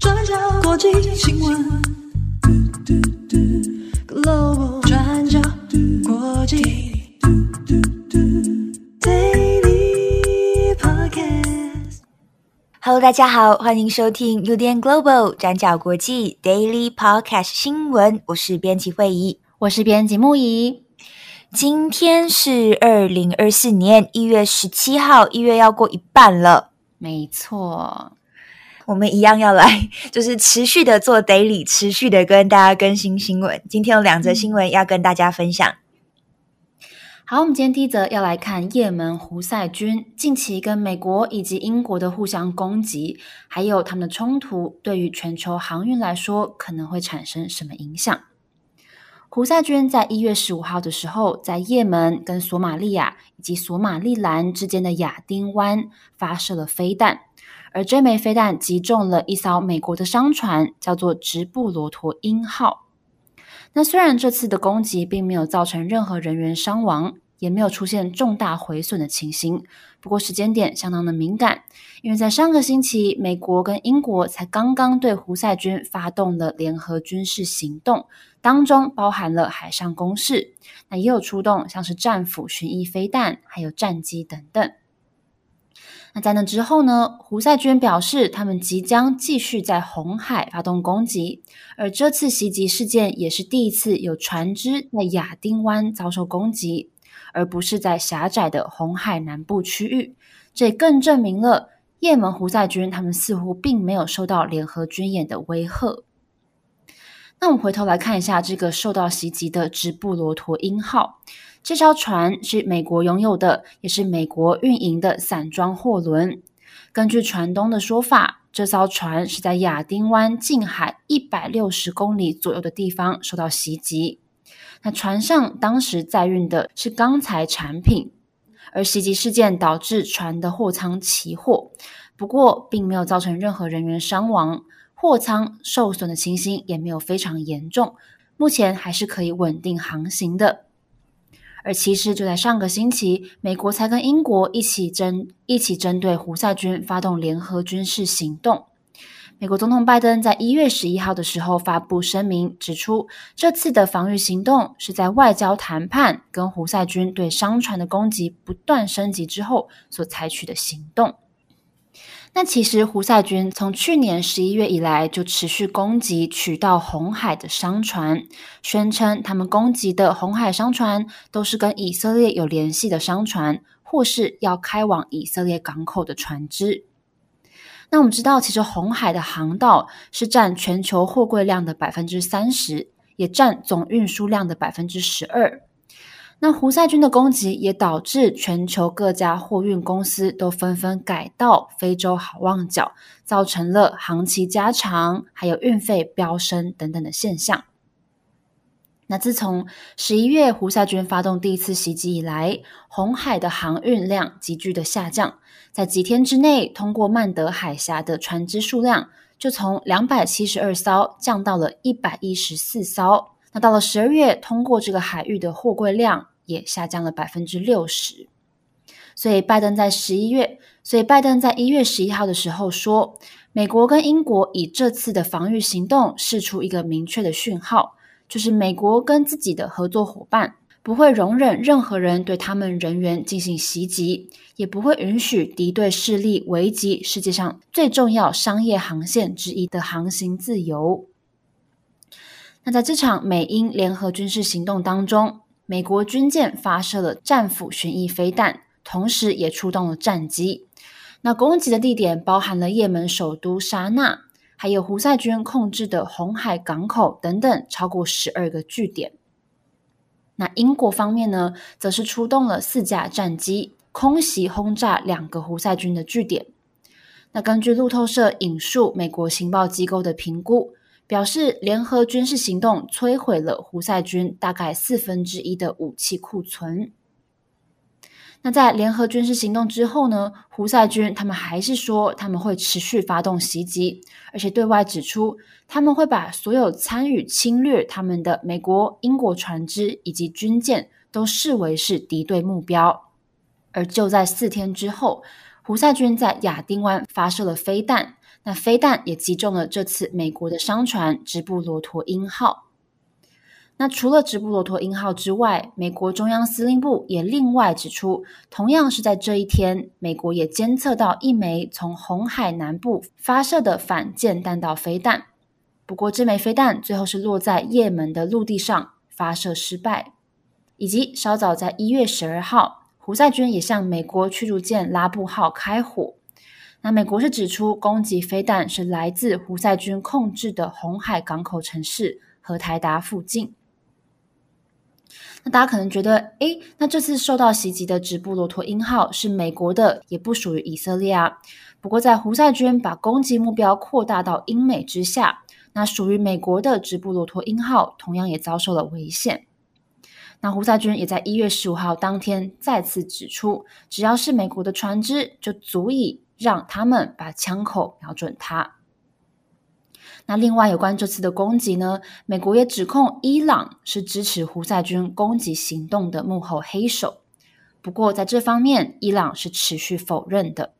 轉角國際新聞 Global Daily Podcast。Hello，大家好，歡迎收聽《UDN Global 轉角國際 Daily Podcast》新聞。我是編輯慧儀，我是編輯牧宜。今天是二零二四年一月十七號，一月要過一半了，沒錯。我們一樣要來，就是持續的做 daily，持續的跟大家更新新聞。今天有兩則新聞要跟大家分享。嗯、好，我們今天第一則要來看葉門胡塞軍近期跟美國以及英國的互相攻擊，還有他們的衝突，對於全球航運來說可能會產生什麼影響？胡塞軍在一月十五號的時候，在葉門跟索馬利亞以及索馬利蘭之間的亞丁灣發射了飛彈，而這枚飛彈擊中了一艘美國的商船，叫做“直布羅陀鷹號”。那雖然這次的攻擊並沒有造成任何人員傷亡。也沒有出現重大毀損的情形。不過時間點相當的敏感，因為在上個星期，美國跟英國才剛剛對胡塞軍發動了聯合軍事行動，當中包含了海上攻勢，那也有出動像是戰斧巡弋飛彈，還有戰機等等。那在那之後呢？胡塞軍表示他們即將繼續在紅海發動攻擊，而這次襲擊事件也是第一次有船隻在亞丁灣遭受攻擊。而不是在狹窄的紅海南部區域，這也更證明了也門胡塞軍他們似乎並沒有受到聯合軍演的威嚇。那我們回頭來看一下這個受到襲擊的“直布羅陀鷹號”，這艘船是美國擁有的，也是美國運營的散裝貨輪。根據船東的說法，這艘船是在亞丁灣近海一百六十公里左右的地方受到襲擊。那船上當時載運的是鋼材產品，而襲擊事件導致船的貨艙起火，不過並沒有造成任何人員傷亡，貨艙受損的情形也沒有非常嚴重，目前還是可以穩定航行的。而其實就在上個星期，美國才跟英國一起針一起針對胡塞軍發動聯合軍事行動。美國總統拜登在一月十一號的時候發布聲明，指出這次的防禦行動是在外交談判跟胡塞軍對商船的攻擊不斷升級之後所採取的行動。那其實胡塞軍從去年十一月以來就持續攻擊取道紅海的商船，宣稱他們攻擊的紅海商船都是跟以色列有聯繫的商船，或是要開往以色列港口的船隻。那我們知道，其實紅海的航道是占全球貨櫃量的百分之三十，也占總運輸量的百分之十二。那胡塞軍的攻擊也導致全球各家貨運公司都紛紛改道非洲好望角，造成了航期加長，還有運費飆升等等的現象。那自從十一月胡塞軍發動第一次襲擊以來，紅海的航運量急劇的下降。在幾天之內，通過曼德海峽的船隻數量就從兩百七十二艘降到了一百一十四艘。那到了十二月，通過這個海域的貨櫃量也下降了百分之六十。所以，拜登在十一月，所以拜登在一月十一號的時候說，美國跟英國以這次的防禦行動，釋出一個明確的訊號，就是美國跟自己的合作夥伴。不會容忍任何人對他們人員進行襲擊，也不會允許敵對勢力危及世界上最重要商業航線之一的航行自由。那在這場美英聯合軍事行動當中，美國軍艦發射了戰斧巡弋飛彈，同時也出動了戰機。那攻擊的地點包含了葉門首都沙那，還有胡塞軍控制的紅海港口等等，超過十二個據點。那英國方面呢，則是出動了四架戰機，空襲轟炸兩個胡塞軍的據點。那根據路透社引述美國情報機構的評估，表示聯合軍事行動摧毀了胡塞軍大概四分之一的武器庫存。那在聯合軍事行動之後呢，胡塞軍他們還是說他們會持續發動襲擊，而且對外指出他們會把所有參與侵略他們的美國、英國船隻以及軍艦都視為是敵對目標。而就在四天之後，胡塞軍在亞丁灣發射了飛彈，那飛彈也擊中了這次美國的商船“直布羅陀鷹號”。那除了直布羅陀鷹號之外，美國中央司令部也另外指出，同樣是在這一天，美國也監測到一枚從紅海南部發射的反艦彈道飛彈。不過，這枚飛彈最後是落在葉門的陸地上，發射失敗。以及稍早在一月十二號，胡塞軍也向美國驅逐艦拉布號開火。那美國是指出攻擊飛彈是來自胡塞軍控制的紅海港口城市荷台達附近。那大家可能覺得，誒，那這次受到襲擊的“直布羅陀鷹號”是美國的，也不屬於以色列啊。不過，在胡塞軍把攻擊目標擴大到英美之下，那屬於美國的“直布羅陀鷹號”同樣也遭受了危險。那胡塞軍也在一月十五號當天再次指出，只要是美國的船只，就足以讓他們把槍口瞄準它。那另外有關這次的攻擊呢，美國也指控，伊朗是支持胡塞軍攻擊行動的幕後黑手。不過在這方面，伊朗是持續否認的。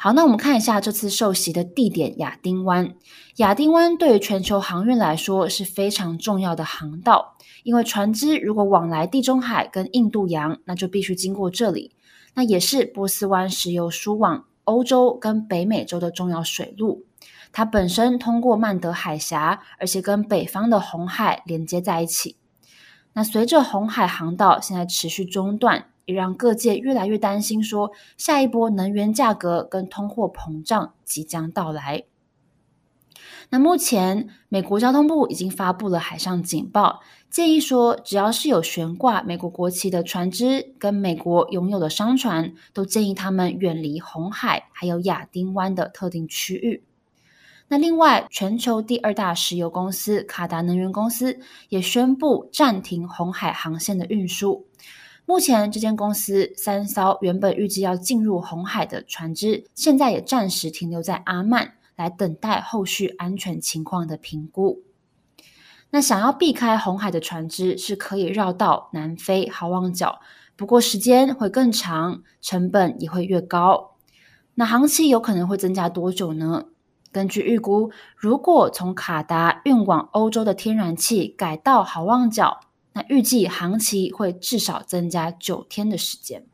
好，那我們看一下這次受襲的地點——亞丁灣。亞丁灣對於全球航運來說，是非常重要的航道，因為船只如果往來地中海跟印度洋，那就必須經過這裡。那也是波斯灣石油輸往歐洲跟北美洲的重要水路。它本身通過曼德海峽，而且跟北方的紅海連接在一起。那隨着紅海航道現在持續中斷，也讓各界越來越擔心說下一波能源價格跟通貨膨脹即將到來。那目前美國交通部已經發布了海上警報，建議說只要是有懸掛美國國旗的船隻跟美國擁有的商船，都建議他們遠離紅海還有亞丁灣的特定區域。那另外，全球第二大石油公司卡達能源公司也宣布暫停紅海航線的運輸。目前，這間公司三艘原本預計要進入紅海的船隻，現在也暫時停留在阿曼，來等待後續安全情況的評估。那想要避開紅海的船隻，是可以繞道南非好望角，不過時間會更長，成本也會越高。那航期有可能會增加多久呢？根據預估，如果從卡達運往歐洲的天然氣改道好望角，那預計航期會至少增加九天的時間。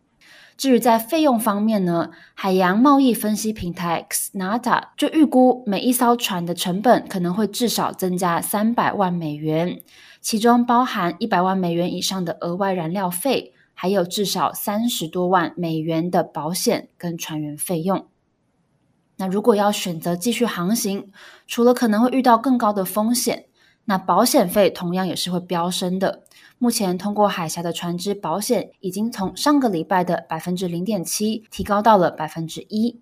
至於在費用方面呢，海洋貿易分析平台 Xnata 就預估每一艘船的成本可能會至少增加三百萬美元，其中包含一百萬美元以上的額外燃料費，還有至少三十多萬美元的保險跟船員費用。那如果要選擇繼續航行，除了可能會遇到更高的風險，那保險費同樣也是會飆升的。目前通過海峽的船只保險已經從上個禮拜的百分之零點七提高到了百分之一。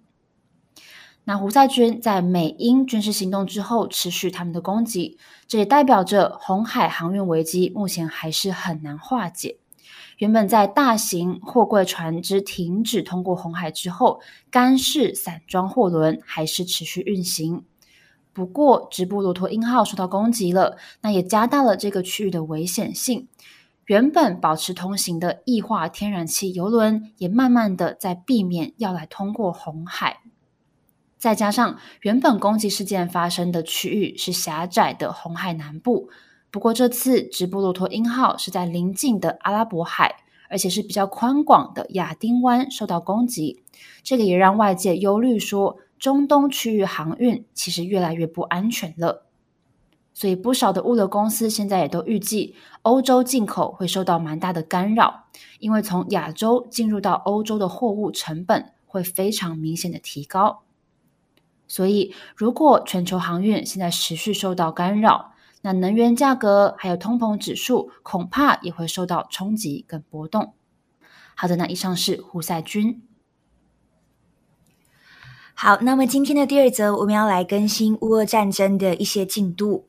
那胡塞軍在美英軍事行動之後持續他們的攻擊，這也代表着紅海航運危機目前還是很難化解。原本在大型貨櫃船隻停止通過紅海之後，乾式散裝貨輪還是持續運行。不過，直布羅陀鷹號受到攻擊了，那也加大了這個區域的危險性。原本保持通行的液化天然氣油輪也慢慢的在避免要來通過紅海。再加上原本攻擊事件發生的區域是狹窄的紅海南部。不過這次直布羅陀鷹號是在鄰近的阿拉伯海，而且是比較寬廣的亞丁灣受到攻擊，這個也讓外界憂慮說中東區域航運其實越來越不安全了。所以不少的物流公司現在也都預計，歐洲進口會受到蠻大的干擾，因為從亞洲進入到歐洲的貨物成本會非常明顯的提高。所以如果全球航運現在持續受到干擾，那能源價格還有通膨指數，恐怕也會受到衝擊跟波動。好的，那以上是胡塞軍。好，那麼今天的第二則，我們要來更新烏俄戰爭的一些進度。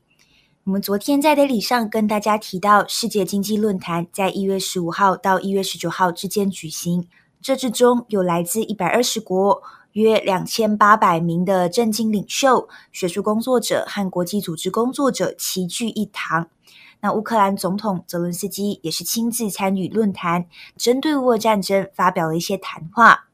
我們昨天在的禮上跟大家提到，世界經濟論壇在一月十五號到一月十九號之間舉行，這之中有來自一百二十國。約兩千八百名的政經領袖、學術工作者和國際組織工作者齊聚一堂。那烏克蘭總統澤倫斯基也是親自參與論壇，針對俄烏戰爭發表了一些談話。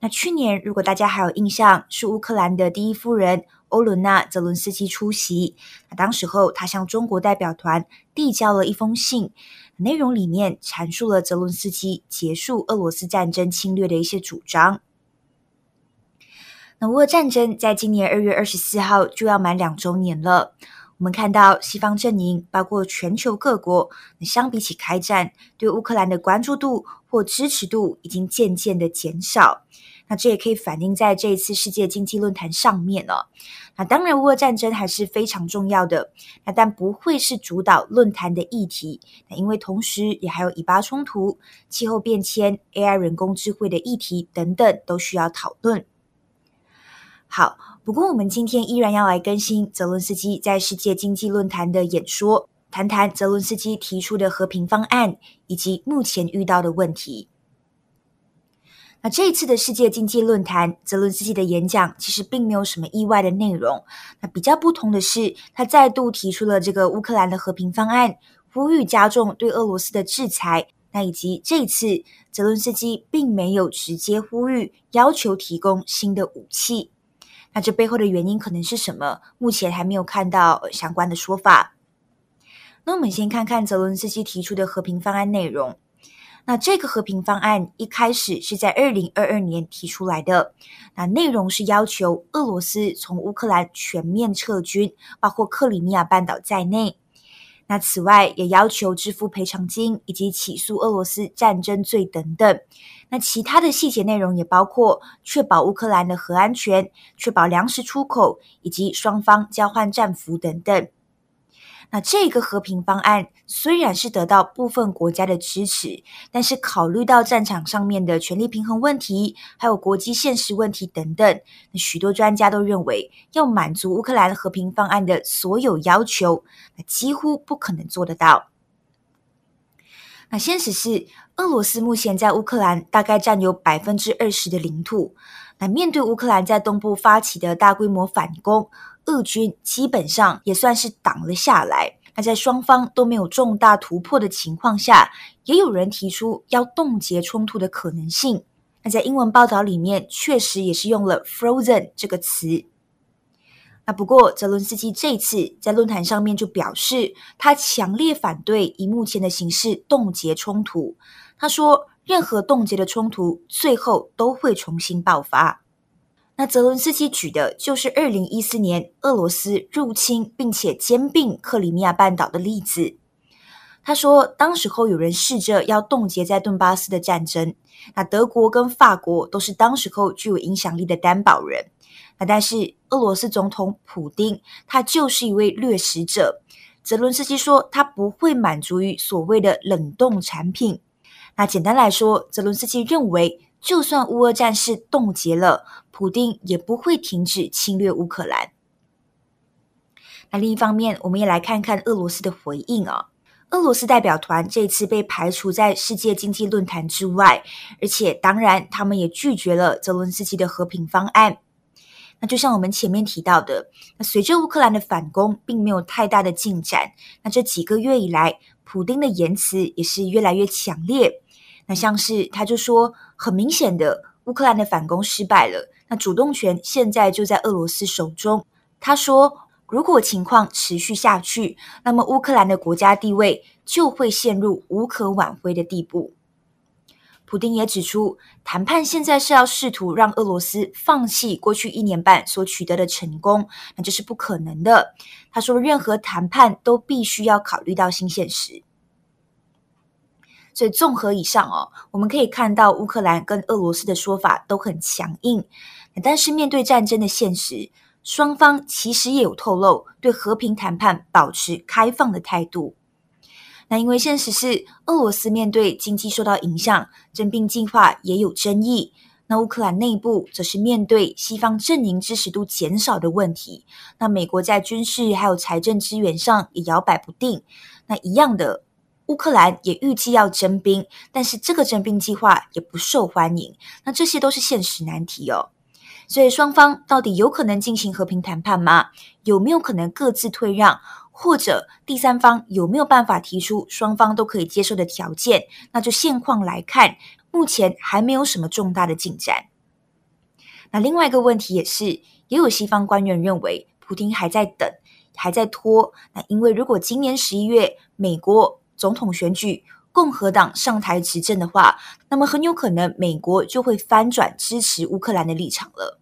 那去年，如果大家還有印象，是烏克蘭的第一夫人歐倫娜·澤倫斯基出席。那當時候，她向中國代表團遞交了一封信，內容裡面闡述了澤倫斯基結束俄羅斯戰爭侵略的一些主張。那烏俄戰爭在今年二月二十四號就要滿兩週年了。我們看到西方陣營，包括全球各國，相比起開戰，對烏克蘭的關注度或支持度已經漸漸的減少。那這也可以反映在這一次世界經濟論壇上面了。那當然，烏俄戰爭還是非常重要的，那但不會是主導論壇的議題，因為同時也還有以巴衝突、氣候變遷、AI 人工智慧的議題等等都需要討論。好，不過我們今天依然要來更新澤倫斯基在世界經濟論壇的演說，談談澤倫斯基提出的和平方案以及目前遇到的問題。那這一次的世界經濟論壇，澤倫斯基的演講其實並沒有什麼意外的內容。那比較不同的是，他再度提出了這個烏克蘭的和平方案，呼籲加重對俄羅斯的制裁。那以及這一次，澤倫斯基並沒有直接呼籲要求提供新的武器。那這背後的原因可能是什麼？目前還沒有看到相關的說法。那我們先看看澤倫斯基提出的和平方案內容。那這個和平方案一開始是在二零二二年提出來的，那內容是要求俄羅斯從烏克蘭全面撤軍，包括克里米亞半島在內。那此外，也要求支付賠償金以及起訴俄羅斯戰爭罪等等。那其他的細節內容也包括確保烏克蘭的核安全、確保糧食出口以及雙方交換戰俘等等。那這個和平方案雖然是得到部分國家的支持，但是考慮到戰場上面的權力平衡問題，還有國際現實問題等等，那許多專家都認為，要滿足烏克蘭和平方案的所有要求，那幾乎不可能做得到。那現實是，俄羅斯目前在烏克蘭大概占有百分之二十的領土。那面對烏克蘭在東部發起的大規模反攻，俄軍基本上也算是擋了下來。那在雙方都沒有重大突破的情況下，也有人提出要凍結衝突的可能性。那在英文報道裡面，確實也是用了 “frozen” 這個詞。那不過，澤倫斯基這次在論壇上面就表示，他強烈反對以目前的形式凍結衝突。他說。任何凍結的衝突，最後都會重新爆發。那澤倫斯基舉的就是二零一四年俄羅斯入侵並且兼併克里米亞半島的例子。他說，當時候有人試着要凍結在頓巴斯的戰爭，那德國跟法國都是當時候具有影響力的擔保人。那但是俄羅斯總統普丁，他就是一位掠食者。澤倫斯基說，他不會滿足於所謂的冷凍產品。那簡單來說，澤倫斯基認為，就算烏俄戰事凍結了，普丁也不會停止侵略烏克蘭。那另一方面，我們也來看看俄羅斯的回應啊、哦。俄羅斯代表團這次被排除在世界經濟論壇之外，而且當然，他們也拒絕了澤倫斯基的和平方案。那就像我們前面提到的，那隨着烏克蘭的反攻並沒有太大的進展，那這幾個月以來，普丁的言辭也是越來越強烈。那像是他就說，很明顯的烏克蘭的反攻失敗了，那主動權現在就在俄羅斯手中。他說，如果情況持續下去，那麼烏克蘭的國家地位就會陷入無可挽回的地步。普丁也指出，談判現在是要試圖讓俄羅斯放棄過去一年半所取得的成功，那這是不可能的。他說，任何談判都必須要考慮到新現實。所以，綜合以上哦，我們可以看到，烏克蘭跟俄羅斯的說法都很強硬。但是，面對戰爭的現實，雙方其實也有透露對和平談判保持開放的態度。那因為現實是，俄羅斯面對經濟受到影響，徵兵計劃也有爭議。那烏克蘭內部則是面對西方陣營支持度減少的問題。那美國在軍事還有財政資源上也搖擺不定。那一樣的。烏克蘭也預計要徵兵，但是這個徵兵計劃也不受歡迎。那這些都是現實難題哦。所以雙方到底有可能進行和平談判嗎？有沒有可能各自退讓？或者第三方有沒有辦法提出雙方都可以接受的條件？那就現況來看，目前還沒有什麼重大的進展。那另外一個問題也是，也有西方官員認為普丁還在等，還在拖。那因為如果今年十一月美國總統選舉，共和黨上台執政的話，那麼很有可能美國就會翻轉支持烏克蘭的立場了。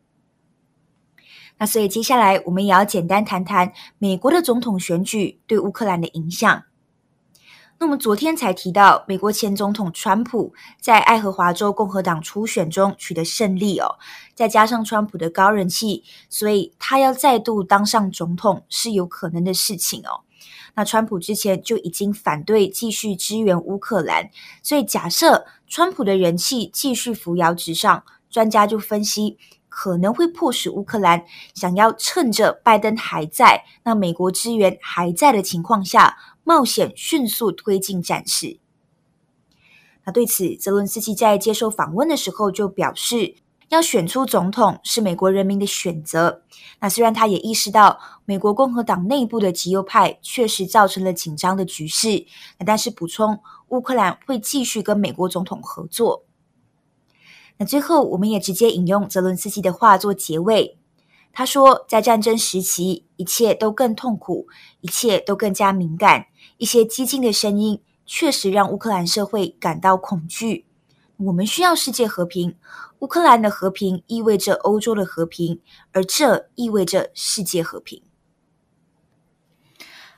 那所以接下來我們也要簡單談談美國的總統選舉對烏克蘭的影響。那麼昨天才提到，美國前總統川普在愛荷華州共和黨初選中取得勝利哦，再加上川普的高人氣，所以他要再度當上總統是有可能的事情哦。那川普之前就已經反對繼續支援烏克蘭，所以假設川普的人氣繼續扶搖直上，專家就分析可能會迫使烏克蘭想要趁着拜登還在、那美國支援還在的情況下，冒險迅速推進戰事。那對此，澤倫斯基在接受訪問的時候就表示，要選出總統是美國人民的選擇。那雖然他也意識到美國共和黨內部的極右派確實造成了緊張的局勢，但是補充烏克蘭會繼續跟美國總統合作。那最後，我們也直接引用澤倫斯基的話做結尾。他說：“在戰爭時期，一切都更痛苦，一切都更加敏感。一些激進的聲音確實讓烏克蘭社會感到恐懼。”我們需要世界和平。烏克蘭的和平意味着歐洲的和平，而這意味着世界和平。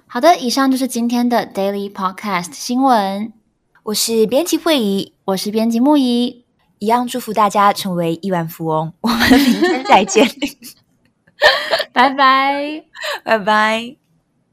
好的，以上就是今天的 Daily Podcast 新聞。我是編輯慧儀，我是編輯牧宜，一樣祝福大家成為億萬富翁。我們明天再見，拜拜 bye，拜拜。